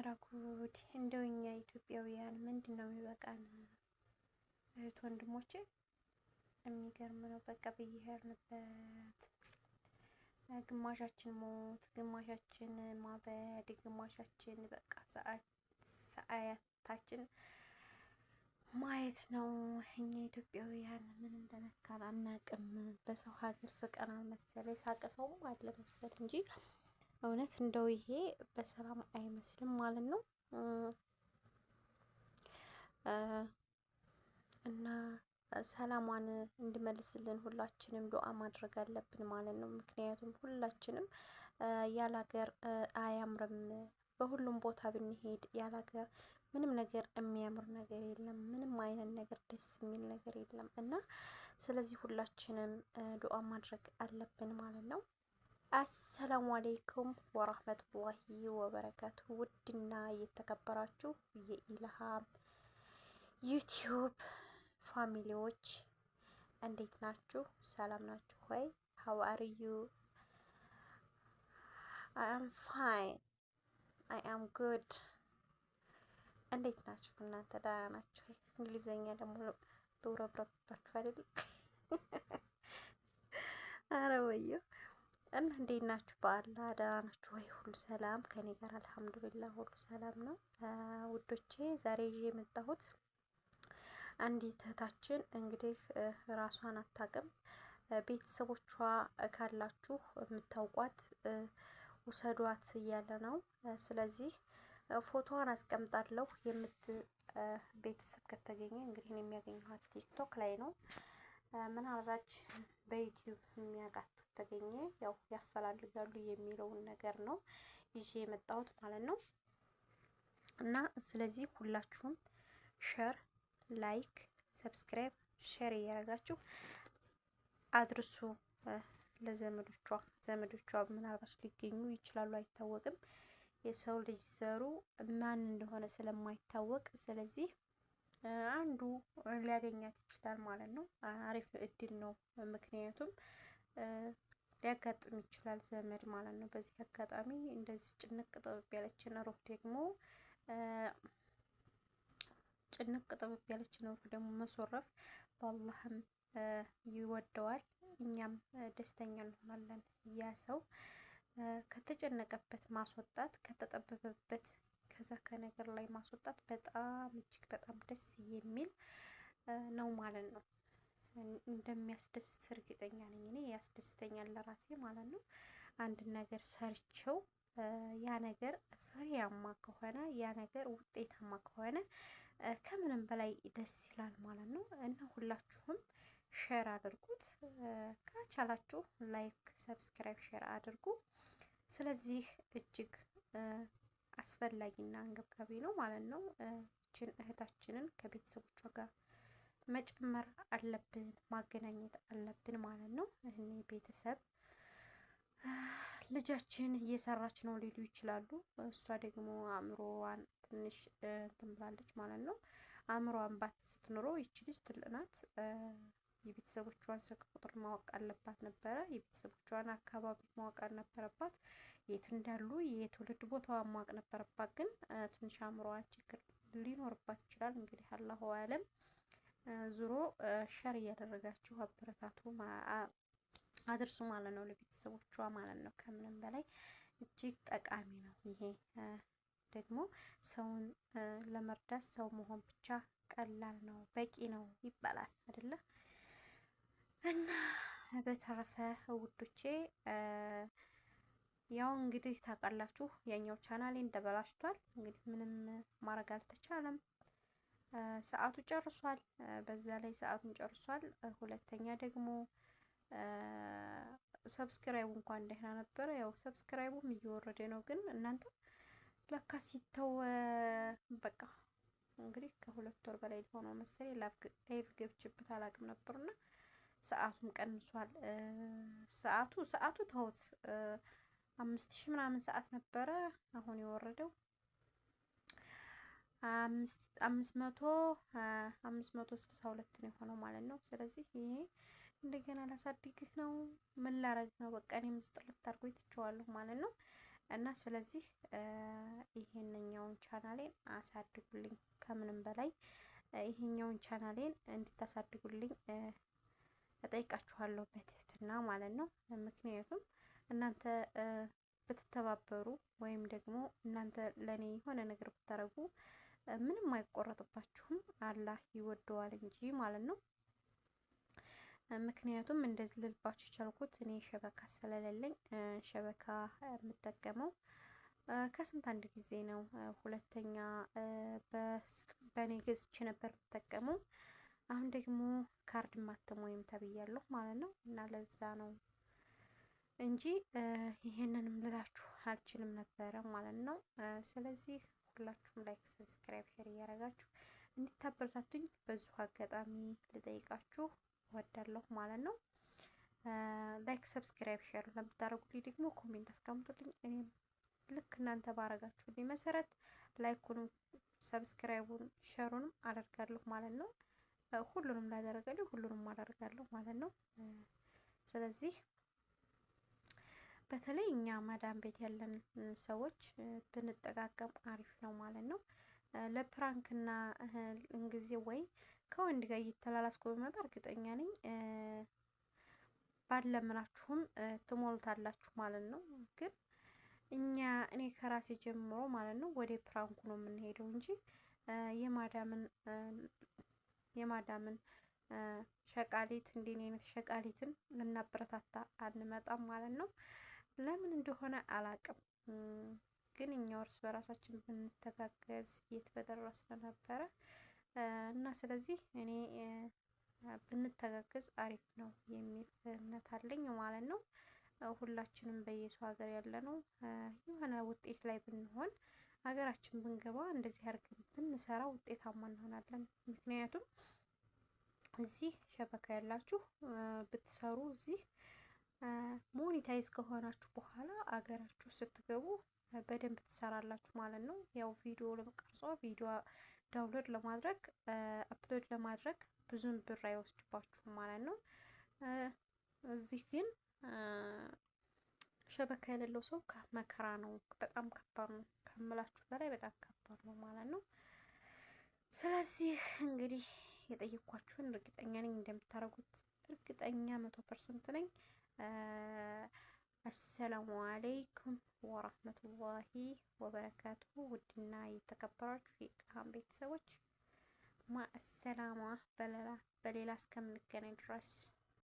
አረ ጉድ! እንደው እኛ ኢትዮጵያውያን ምንድን ነው የሚበቃን? እህት ወንድሞቼ፣ የሚገርም ነው። በቃ በየሄድንበት ግማሻችን ሞት፣ ግማሻችን ማበድ፣ ግማሻችን በቃ ሰአያታችን ማየት ነው። እኛ ኢትዮጵያውያን ምን እንደነካን አናቅም። በሰው ሀገር ስቀናል መሰለ ሳቀ ሰውም አለ መሰል እንጂ እውነት እንደው ይሄ በሰላም አይመስልም ማለት ነው። እና ሰላሟን እንዲመልስልን ሁላችንም ዱዓ ማድረግ አለብን ማለት ነው። ምክንያቱም ሁላችንም ያለ ሀገር አያምርም። በሁሉም ቦታ ብንሄድ ያለ ሀገር ምንም ነገር የሚያምር ነገር የለም። ምንም አይነት ነገር ደስ የሚል ነገር የለም እና ስለዚህ ሁላችንም ዱዓ ማድረግ አለብን ማለት ነው። አሰላሙ አሌይኩም ወረህመቱላሂ ወበረካቱ። ውድና የተከበራችሁ የኢልሃም ዩቲዩብ ፋሚሊዎች እንዴት ናችሁ? ሰላም ናችሁ ወይ? ሀው አር ዩ አይ አም ፋይን አይ አም ጉድ። እንዴት ናችሁ እናንተ ደህና ናችሁ ወይ? እንግሊዘኛ ደግሞ ልውረብረባችሁ አይደል? አረ ወየው እና እንዴት ናችሁ? በአላ ደህና ናችሁ ወይ? ሁሉ ሰላም ከኔ ጋር አልሐምዱሊላ ሁሉ ሰላም ነው ውዶቼ። ዛሬ ይዤ የመጣሁት አንዲት እህታችን እንግዲህ ራሷን አታውቅም። ቤተሰቦቿ ካላችሁ የምታውቋት ውሰዷት እያለ ነው። ስለዚህ ፎቶዋን አስቀምጣለሁ የምት ቤተሰብ ከተገኘ እንግዲህ የሚያገኘኋት ቲክቶክ ላይ ነው ምናልባች በዩቲዩብ የሚያውቃት ተገኘ ያው ያፈላልጋሉ የሚለውን ነገር ነው ይዤ የመጣሁት ማለት ነው። እና ስለዚህ ሁላችሁም ሸር፣ ላይክ፣ ሰብስክራይብ፣ ሼር እያደረጋችሁ አድርሱ ለዘመዶቿ። ዘመዶቿ ምናልባት ሊገኙ ይችላሉ አይታወቅም። የሰው ልጅ ዘሩ ማን እንደሆነ ስለማይታወቅ ስለዚህ አንዱ ሊያገኛት ይችላል ማለት ነው። አሪፍ እድል ነው። ምክንያቱም ሊያጋጥም ይችላል ዘመድ ማለት ነው። በዚህ አጋጣሚ እንደዚህ ጭንቅ ጥብብ ያለችን ሩህ ደግሞ ጭንቅ ጥብብ ያለችን ሩህ ደግሞ መሶረፍ በአላህም ይወደዋል፣ እኛም ደስተኛ እንሆናለን። ያ ሰው ከተጨነቀበት ማስወጣት ከተጠበበበት ከዛ ከነገር ላይ ማስወጣት በጣም እጅግ በጣም ደስ የሚል ነው ማለት ነው። እንደሚያስደስት እርግጠኛ ነኝ። እኔ ያስደስተኛል ለራሴ ማለት ነው። አንድ ነገር ሰርቸው ያ ነገር ፍሬያማ ከሆነ ያ ነገር ውጤታማ ከሆነ ከምንም በላይ ደስ ይላል ማለት ነው። እና ሁላችሁም ሼር አድርጉት፣ ከቻላችሁ ላይክ፣ ሰብስክራይብ፣ ሼር አድርጉ። ስለዚህ እጅግ አስፈላጊና አንገብጋቢ ነው ማለት ነው። እችን እህታችንን ከቤተሰቦቿ ጋር መጨመር አለብን፣ ማገናኘት አለብን ማለት ነው። እኔ ቤተሰብ ልጃችን እየሰራች ነው ሊሉ ይችላሉ። እሷ ደግሞ አእምሮዋን ትንሽ ብላለች ማለት ነው። አእምሮዋን ባት ስትኖሮ ይች ልጅ ትልቅ ናት። የቤተሰቦቿን ስልክ ቁጥር ማወቅ አለባት ነበረ። የቤተሰቦቿን አካባቢ ማወቅ አልነበረባት። የት እንዳሉ የትውልድ ቦታዋ ማወቅ ነበረባት። ግን ትንሽ አእምሮዋን ችግር ሊኖርባት ይችላል። እንግዲህ አላሁ አለም። ዙሮ ሸር እያደረጋችሁ አበረታቱ አድርሱ ማለት ነው፣ ለቤተሰቦቿ ማለት ነው። ከምንም በላይ እጅግ ጠቃሚ ነው ይሄ ደግሞ ሰውን ለመርዳት ሰው መሆን ብቻ ቀላል ነው፣ በቂ ነው ይባላል አይደለ? እና በተረፈ ውዶቼ ያው እንግዲህ ታውቃላችሁ ያኛው ቻናሌ እንደበላሽቷል። እንግዲህ ምንም ማድረግ አልተቻለም። ሰዓቱ ጨርሷል። በዛ ላይ ሰዓቱን ጨርሷል። ሁለተኛ ደግሞ ሰብስክራይቡ እንኳን ደህና ነበረ። ያው ሰብስክራይቡም እየወረደ ነው፣ ግን እናንተ ለካ ሲተው በቃ እንግዲህ ከሁለት ወር በላይ ሊሆነው መሰለኝ ላይቭ ገብቼበት አላውቅም ነበርና ሰዓቱም ቀንሷል። ሰዓቱ ሰዓቱ ተውት አምስት ሺ ምናምን ሰዓት ነበረ አሁን የወረደው አምስት መቶ አምስት መቶ ስልሳ ሁለት ነው የሆነው ማለት ነው። ስለዚህ ይሄ እንደገና ላሳድግህ ነው ምን ላረግ ነው በቃ እኔ ምስጥር ልታርጎኝ ትችዋለሁ ማለት ነው። እና ስለዚህ ይሄንኛውን ቻናሌን አሳድጉልኝ ከምንም በላይ ይሄኛውን ቻናሌን እንድታሳድጉልኝ እጠይቃችኋለሁ በትህትና ማለት ነው። ምክንያቱም እናንተ ብትተባበሩ ወይም ደግሞ እናንተ ለእኔ የሆነ ነገር ብታደርጉ ምንም አይቆረጥባችሁም፣ አላህ ይወደዋል እንጂ ማለት ነው። ምክንያቱም እንደዚህ ልልባችሁ ቻልኩት እኔ ሸበካ ስለሌለኝ ሸበካ የምጠቀመው ከስንት አንድ ጊዜ ነው። ሁለተኛ በኔ ገዝቼ ነበር የምጠቀመው አሁን ደግሞ ካርድ ማተም ወይም ተብያለሁ ማለት ነው እና ለዛ ነው እንጂ ይሄንንም ልላችሁ አልችልም ነበረ ማለት ነው። ስለዚህ ሁላችሁም ላይክ፣ ሰብስክራይብ፣ ሼር እያደረጋችሁ እንድታበረታቱኝ በዙ አጋጣሚ ልጠይቃችሁ እወዳለሁ ማለት ነው። ላይክ፣ ሰብስክራይብ፣ ሼር ለምታደርጉልኝ ደግሞ ኮሜንት አስቀምጡልኝ። እኔም ልክ እናንተ ባረጋችሁልኝ መሰረት ላይኩንም ሰብስክራይቡን ሸሩንም አደርጋለሁ ማለት ነው። ሁሉንም ላደረገልኝ ሁሉንም አደርጋለሁ ማለት ነው። ስለዚህ በተለይ እኛ መዳን ቤት ያለን ሰዎች ብንጠቃቀም አሪፍ ነው ማለት ነው። ለፕራንክና ጊዜ ወይ ከወንድ ጋር እየተላላስኩ በመጣ እርግጠኛ ነኝ ባለምናችሁም ትሞሉታላችሁ ማለት ነው። ግን እኛ እኔ ከራሴ ጀምሮ ማለት ነው ወደ ፕራንኩ ነው የምንሄደው እንጂ የማዳምን የማዳምን ሸቃሊት እንዲህ አይነት ሸቃሊትን ልናበረታታ አንመጣም ማለት ነው። ለምን እንደሆነ አላቅም፣ ግን እኛው እርስ በራሳችን ብንተጋገዝ የት በደረስን ነበረ እና ስለዚህ እኔ ብንተጋገዝ አሪፍ ነው የሚል እምነት አለኝ ማለት ነው። ሁላችንም በየሰው ሀገር ያለ ነው የሆነ ውጤት ላይ ብንሆን ሀገራችን ብንገባ እንደዚህ አድርገን ብንሰራ ውጤታማ እንሆናለን። ምክንያቱም እዚህ ሸበካ ያላችሁ ብትሰሩ እዚህ ሞኒታይዝ ከሆናችሁ በኋላ አገራችሁ ስትገቡ በደንብ ትሰራላችሁ ማለት ነው። ያው ቪዲዮ ለመቀርጾ ቪዲዮ ዳውንሎድ ለማድረግ አፕሎድ ለማድረግ ብዙም ብር አይወስድባችሁም ማለት ነው። እዚህ ግን ሸበካ የሌለው ሰው መከራ ነው። በጣም ከባድ ነው ከምላችሁ በላይ በጣም ከባድ ነው ማለት ነው። ስለዚህ እንግዲህ የጠየኳችሁን እርግጠኛ ነኝ እንደምታደርጉት እርግጠኛ መቶ ፐርሰንት ነኝ። አሰላሙ አለይኩም ወራህመቱላሂ ወበረካቱ። ውድና የተከበራችሁ የኢልሃም ቤተሰቦች ማእሰላማ በሌላ እስከምንገናኝ ድረስ